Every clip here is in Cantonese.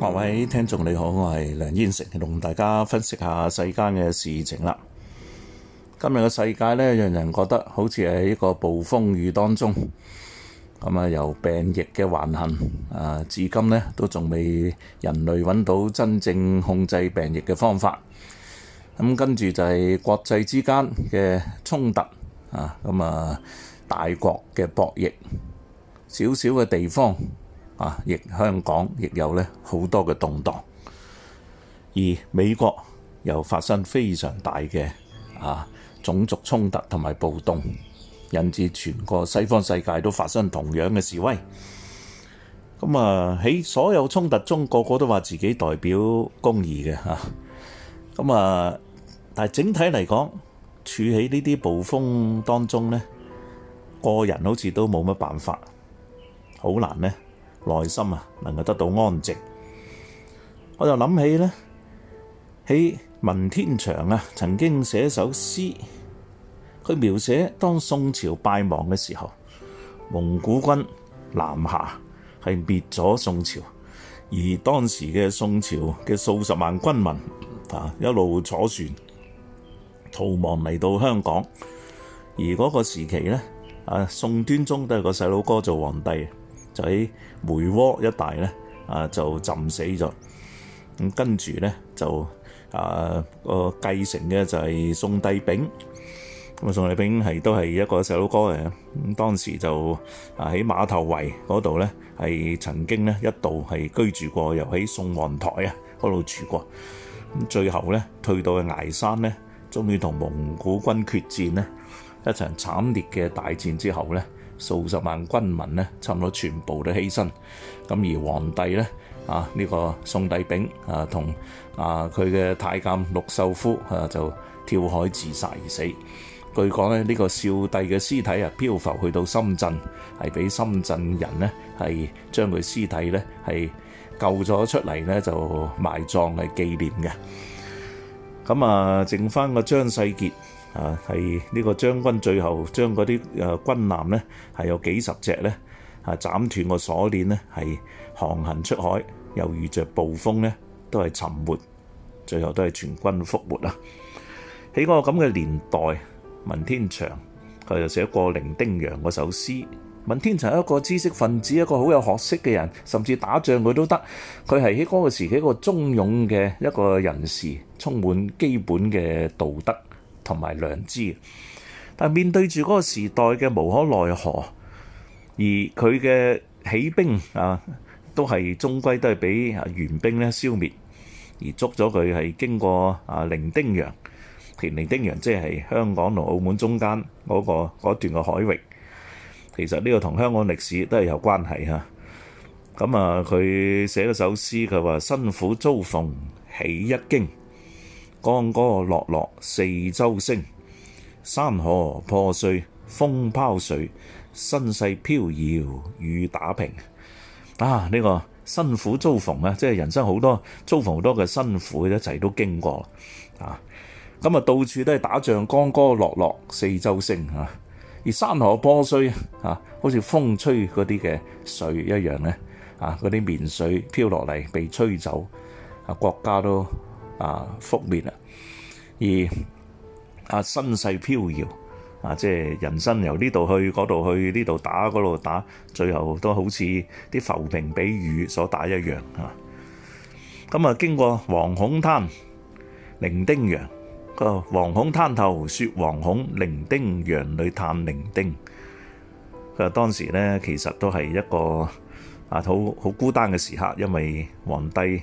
各位聽眾你好，我係梁燕城，同大家分析下世間嘅事情啦。今日嘅世界呢，讓人覺得好似係一個暴風雨當中。咁啊，由病疫嘅橫行，啊，至今呢都仲未人類揾到真正控制病疫嘅方法。咁、啊、跟住就係國際之間嘅衝突，啊，咁啊大國嘅博弈，少少嘅地方。啊！亦香港亦有咧好多嘅動盪，而美國又發生非常大嘅啊種族衝突同埋暴動，引致全個西方世界都發生同樣嘅示威。咁啊，喺所有衝突中，個個都話自己代表公義嘅嚇。咁啊，啊，但係整體嚟講，處喺呢啲暴風當中咧，個人好似都冇乜辦法，好難咧。內心啊，能夠得到安靜。我就諗起呢，喺文天祥啊，曾經寫首詩，佢描寫當宋朝敗亡嘅時候，蒙古軍南下係滅咗宋朝，而當時嘅宋朝嘅數十萬軍民啊，一路坐船逃亡嚟到香港，而嗰個時期呢，啊宋端宗都係個細佬哥做皇帝。就喺梅窩一帶咧，啊就浸死咗。咁跟住咧就啊個繼承嘅就係宋帝昺。咁啊宋帝昺係都係一個細佬哥嚟嘅。咁、啊、當時就啊喺馬頭圍嗰度咧係曾經咧一度係居住過，又喺宋皇台啊嗰度住過。咁最後咧退到去崖山咧，終於同蒙古軍決戰咧一場慘烈嘅大戰之後咧，數十萬軍民呢，差唔多全部都犧牲。咁而皇帝呢，啊、這、呢個宋帝昺啊，同啊佢嘅太監陸秀夫啊，就跳海自殺而死。據講咧，呢、這個少帝嘅屍體啊，漂浮去到深圳，係俾深圳人呢，係將佢屍體呢，係救咗出嚟呢，就埋葬嚟紀念嘅。咁啊，剩返個張世傑。啊，係呢個將軍最後將嗰啲誒軍艦咧，係有幾十隻咧啊，斬斷個鎖鏈咧，係航行出海，又遇著暴風咧，都係沉沒，最後都係全軍覆沒啊！喺嗰個咁嘅年代，文天祥佢就寫過《零丁洋》嗰首詩。文天祥一個知識分子，一個好有學識嘅人，甚至打仗佢都得。佢係喺嗰個時期一個忠勇嘅一個人士，充滿基本嘅道德。同埋良知，但面對住嗰個時代嘅無可奈何，而佢嘅起兵啊，都係終歸都係俾元兵咧消滅，而捉咗佢係經過啊伶仃洋，田伶仃洋即係香港同澳門中間嗰個嗰段嘅海域，其實呢個同香港歷史都係有關係吓。咁啊，佢寫咗首詩，佢話辛苦遭逢起一經，江歌落落四周星，山河破碎風飄絮，身世飄搖雨打萍。啊，呢、這個辛苦遭逢啊，即係人生好多遭逢好多嘅辛苦，一齊都經過啊。咁、嗯、啊，到處都係打仗，江歌落落四周星，啊，而山河破碎啊，好似風吹嗰啲嘅水一樣咧啊，嗰啲棉絮飄落嚟，被吹走啊，國家都。啊，覆滅啊，而啊身世飄搖啊，即係人生由呢度去嗰度去呢度打嗰度打，最後都好似啲浮萍俾雨所打一樣嚇。咁啊，經過惶恐灘、伶仃洋，個惶恐灘頭說惶恐，伶仃洋裏嘆伶仃。佢話當時咧其實都係一個啊好好孤單嘅時刻，因為皇帝。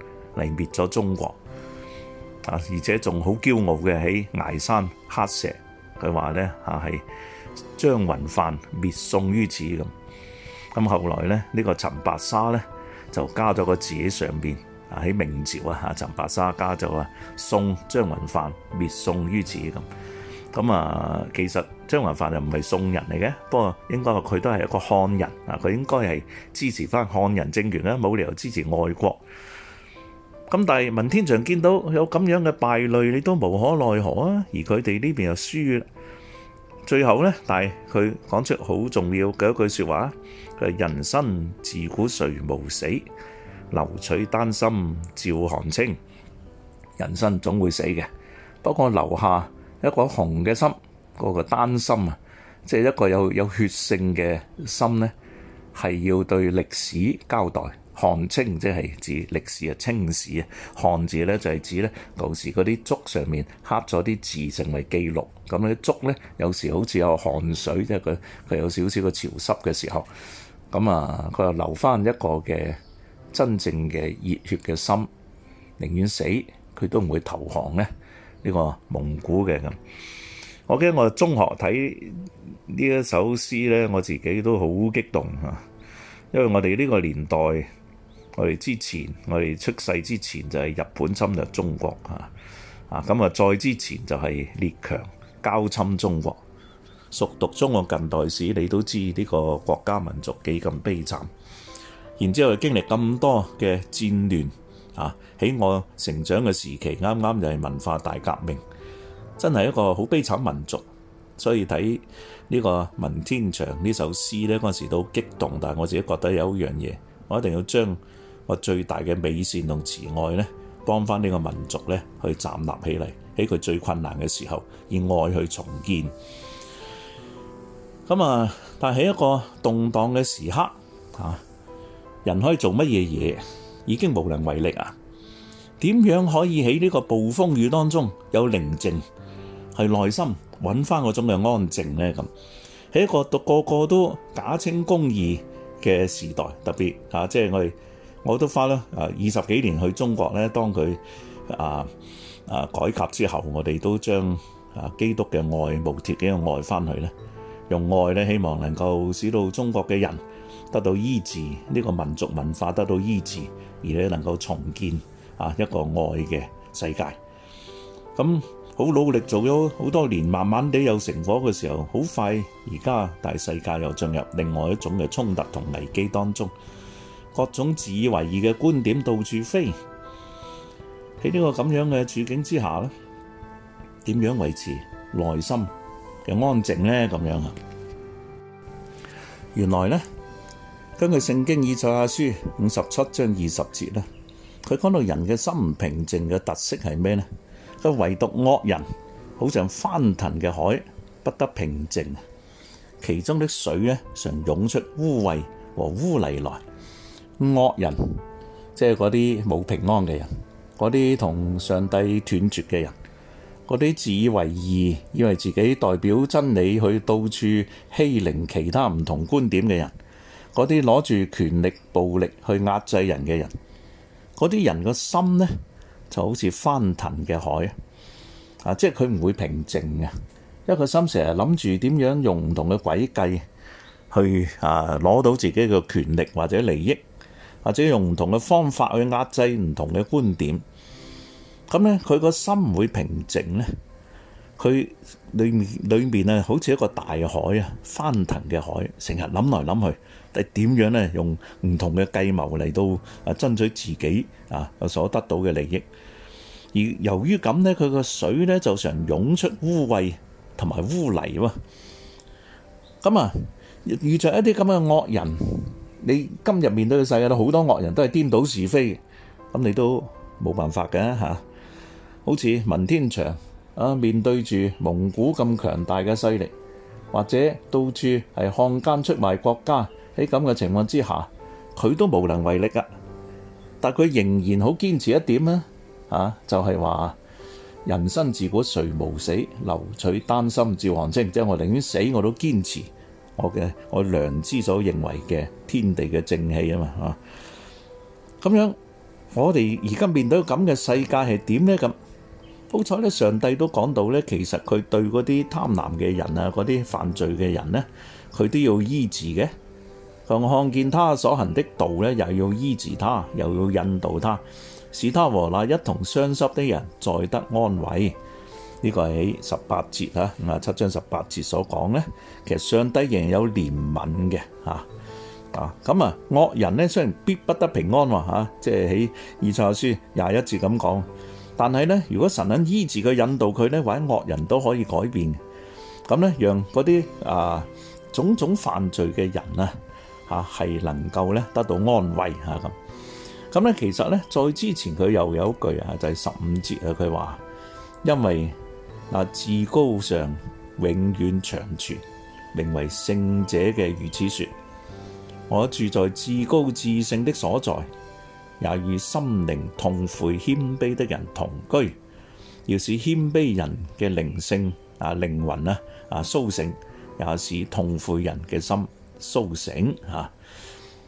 係滅咗中國啊！而且仲好驕傲嘅，喺崖山黑石。佢話咧，吓係張雲範滅宋於此咁。咁後來咧呢個陳白沙咧就加咗個字喺上邊啊，喺明朝啊吓陳白沙加就話宋張雲帆滅宋於此咁。咁啊，其實張雲帆就唔係宋人嚟嘅，不過應該話佢都係一個漢人啊，佢應該係支持翻漢人政權啦，冇理由支持外國。咁但係文天祥見到有咁樣嘅敗類，你都無可奈何啊！而佢哋呢邊又輸，最後呢，但係佢講出好重要嘅一句説話，佢係人生自古誰無死，留取丹心照汗青。人生總會死嘅，不過留下一個紅嘅心，嗰個丹心啊，即係一個有有血性嘅心呢，係要對歷史交代。汗青即係指歷史啊，青史啊，漢字咧就係、是、指咧舊時嗰啲竹上面刻咗啲字，成為記錄。咁咧竹咧有時好似有汗水，即係佢佢有少少個潮濕嘅時候，咁啊佢又留翻一個嘅真正嘅熱血嘅心，寧願死佢都唔會投降咧呢、這個蒙古嘅咁。我記得我中學睇呢一首詩咧，我自己都好激動啊，因為我哋呢個年代。我哋之前，我哋出世之前就係日本侵略中國，啊，啊咁啊再之前就係列強交侵中國，熟讀中國近代史，你都知呢個國家民族幾咁悲慘，然之後經歷咁多嘅戰亂，啊喺我成長嘅時期，啱啱就係文化大革命，真係一個好悲慘民族。所以睇呢個文天祥呢首詩呢嗰陣時都激動，但係我自己覺得有一樣嘢，我一定要將。個最大嘅美善同慈愛呢，幫翻呢個民族呢去站立起嚟，喺佢最困難嘅時候，以愛去重建。咁、嗯、啊，但喺一個動盪嘅時刻啊，人可以做乜嘢嘢？已經無能為力啊！點樣可以喺呢個暴風雨當中有寧靜，係內心揾翻個種嘅安靜呢？咁喺一個個個，個個都假稱公義嘅時代，特別啊，即係我哋。我都花啦，誒二十幾年去中國咧，當佢啊啊改革之後，我哋都將啊基督嘅愛冇貼嘅用愛翻去咧，用愛咧，希望能夠使到中國嘅人得到醫治，呢個民族文化得到醫治，而咧能夠重建啊一個愛嘅世界。咁好努力做咗好多年，慢慢地有成果嘅時候，好快而家大世界又進入另外一種嘅衝突同危機當中。各種自以為義嘅觀點到處飛。喺呢個咁樣嘅處境之下呢，點樣維持內心嘅安靜呢？咁樣啊，原來呢，根據《聖經以賽亞書》五十七章二十節呢，佢講到人嘅心唔平靜嘅特色係咩呢？佢唯獨惡人，好像翻騰嘅海，不得平靜。其中的水呢，常湧出污穢和污泥來。惡人，即係嗰啲冇平安嘅人，嗰啲同上帝斷絕嘅人，嗰啲自以為義，以為自己代表真理去到處欺凌其他唔同觀點嘅人，嗰啲攞住權力暴力去壓制人嘅人，嗰啲人個心呢，就好似翻騰嘅海啊！即係佢唔會平靜啊，因為佢心成日諗住點樣用唔同嘅詭計去啊攞到自己嘅權力或者利益。或者用唔同嘅方法去壓制唔同嘅觀點，咁呢，佢個心唔會平靜呢，佢裏裏面啊好似一個大海啊，翻騰嘅海，成日諗來諗去，係點樣呢？用唔同嘅計謀嚟到啊爭取自己啊所得到嘅利益。而由於咁呢，佢個水呢，就常湧出污穢同埋污泥喎。咁啊，遇着一啲咁嘅惡人。你今日面對嘅世界，都好多惡人都係顛倒是非，咁你都冇辦法嘅嚇。好似文天祥啊，面對住蒙古咁強大嘅勢力，或者到處係漢奸出賣國家，喺咁嘅情況之下，佢都無能為力啊。但佢仍然好堅持一點啊，啊就係話人生自古誰無死，留取丹心照汗青。即係我寧願死我都堅持。我嘅我良知所認為嘅天地嘅正氣啊嘛，嚇，咁樣我哋而家面對咁嘅世界係點呢？咁好彩咧，上帝都講到咧，其實佢對嗰啲貪婪嘅人啊，嗰啲犯罪嘅人呢，佢都要醫治嘅。佢看見他所行的道咧，又要醫治他，又要引導他，使他和那一同傷心的人再得安慰。呢、這個喺十八節啊，啊七章十八節所講咧，其實上帝仍然有憐憫嘅。嚇啊，咁啊，惡人咧，雖然必不得平安喎、啊、即係喺以賽亞書廿一節咁講，但係咧，如果神肯醫治佢、引導佢咧，或者惡人都可以改變咁咧，讓嗰啲啊種種犯罪嘅人啊嚇係、啊、能夠咧得到安慰嚇咁。咁、啊、咧其實咧再之前佢又有一句啊，就係十五節啊，佢話因為。嗱，至高上，永遠長存，名為聖者嘅如此説。我住在至高至聖的所在，也與心靈痛悔謙卑的人同居。要使謙卑人嘅靈性啊靈魂啊啊甦醒，也使痛悔人嘅心甦醒。嚇、啊，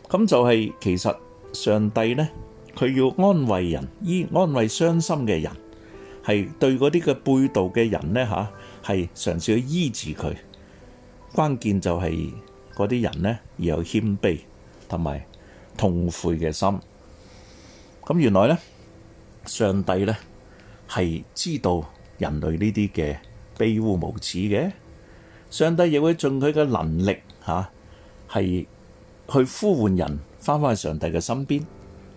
咁就係其實上帝呢，佢要安慰人，以安慰傷心嘅人。係對嗰啲嘅背道嘅人呢，嚇，係嘗試去醫治佢。關鍵就係嗰啲人呢，而有欠卑同埋痛悔嘅心。咁原來呢，上帝呢係知道人類呢啲嘅卑污無恥嘅，上帝亦會盡佢嘅能力嚇，係、啊、去呼喚人翻返去上帝嘅身邊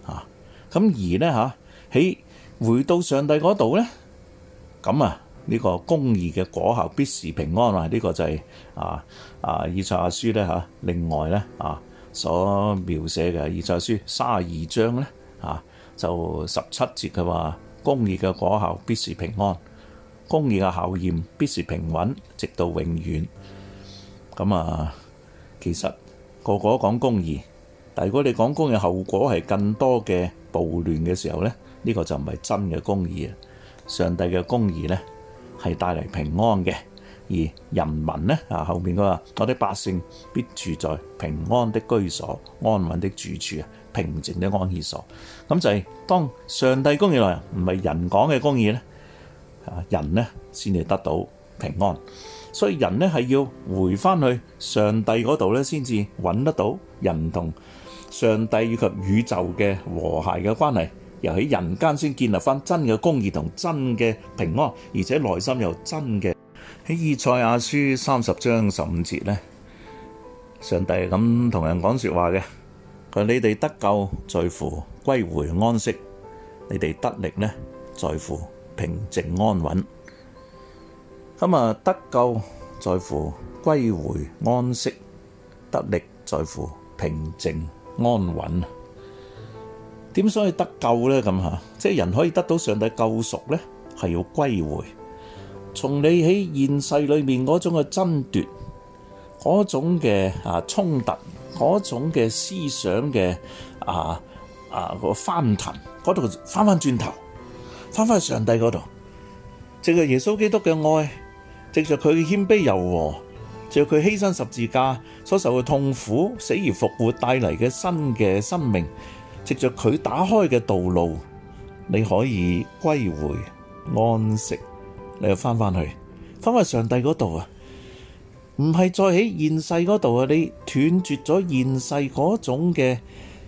嚇。咁、啊、而呢，嚇、啊、喺回到上帝嗰度咧，咁啊，呢個公義嘅果效必是平安，呢個就係啊啊，以賽亞書咧嚇，另外咧啊所描寫嘅以賽亞書三十二章咧嚇，就十七節嘅話，公義嘅果效必是平安，公義嘅效驗必是平穩，直到永遠。咁啊，其實個個都講公義，但係如果你講公義後果係更多嘅暴亂嘅時候咧？呢個就唔係真嘅公義啊！上帝嘅公義咧係帶嚟平安嘅，而人民咧啊，後面嗰個我哋百姓必住在平安的居所、安穩的住處、平靜的安歇所。咁就係當上帝公義來啊，唔係人講嘅公義咧啊，人咧先至得到平安。所以人咧係要回翻去上帝嗰度咧，先至揾得到人同上帝以及宇宙嘅和諧嘅關係。又喺人間先建立翻真嘅公義同真嘅平安，而且內心又真嘅。喺以賽亞書三十章十五節呢，上帝咁同人講說話嘅，佢話，你哋得救在乎歸回安息，你哋得力呢在乎平靜安穩。咁啊，得救在乎歸回安息，得力在乎平靜安穩。點所以得救咧？咁吓，即係人可以得到上帝救贖咧，係要歸回，從你喺現世裏面嗰種嘅爭奪，嗰種嘅啊衝突，嗰種嘅思想嘅啊啊個、啊、翻騰，嗰度翻翻轉頭，翻翻去上帝嗰度，正係耶穌基督嘅愛，藉着佢嘅謙卑柔和，藉着佢犧牲十字架所受嘅痛苦，死而復活帶嚟嘅新嘅生命。藉著佢打開嘅道路，你可以歸回安息。你又翻翻去，翻翻上帝嗰度啊，唔係再喺現世嗰度啊。你斷絕咗現世嗰種嘅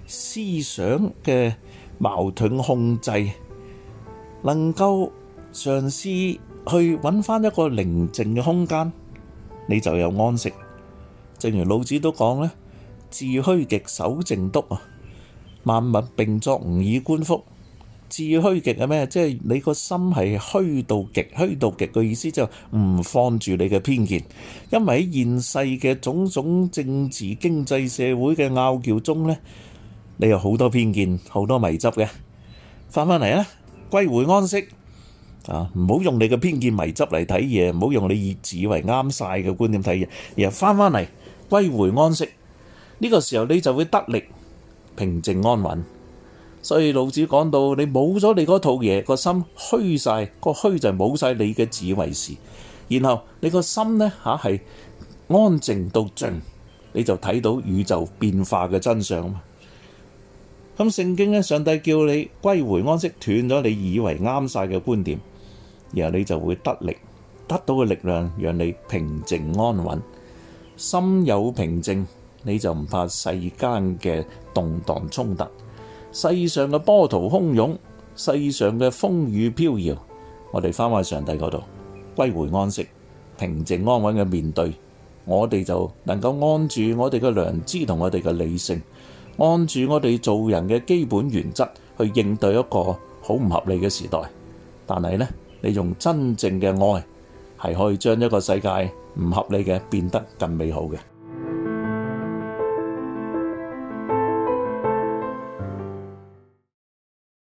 思想嘅矛盾控制，能夠嘗試去揾翻一個寧靜嘅空間，你就有安息。正如老子都講咧，致虛極守靜篤啊。萬物並作，吾以觀復。至虛極係咩？即係你個心係虛到極，虛到極嘅意思就唔放住你嘅偏見，因為喺現世嘅種種政治、經濟、社會嘅拗撬中呢，你有好多偏見、好多迷執嘅。翻返嚟啊，歸回安息啊！唔好用你嘅偏見迷、迷執嚟睇嘢，唔好用你以自為啱晒嘅觀點睇嘢。而翻返嚟，歸回安息呢，這個時候，你就會得力。平靜安穩。所以老子講到你冇咗你嗰套嘢，個心虛晒，個虛就冇晒你嘅自以為是，然後你個心呢，吓係安靜到盡，你就睇到宇宙變化嘅真相。咁聖經呢，上帝叫你歸回安息，斷咗你以為啱晒嘅觀點，然後你就會得力，得到嘅力量，讓你平靜安穩。心有平靜，你就唔怕世間嘅動盪衝突，世上嘅波濤洶湧，世上嘅風雨飄搖，我哋翻返去上帝嗰度，歸回安息，平靜安穩嘅面對，我哋就能夠安住我哋嘅良知同我哋嘅理性，安住我哋做人嘅基本原則，去應對一個好唔合理嘅時代。但係呢，你用真正嘅愛，係可以將一個世界唔合理嘅變得更美好嘅。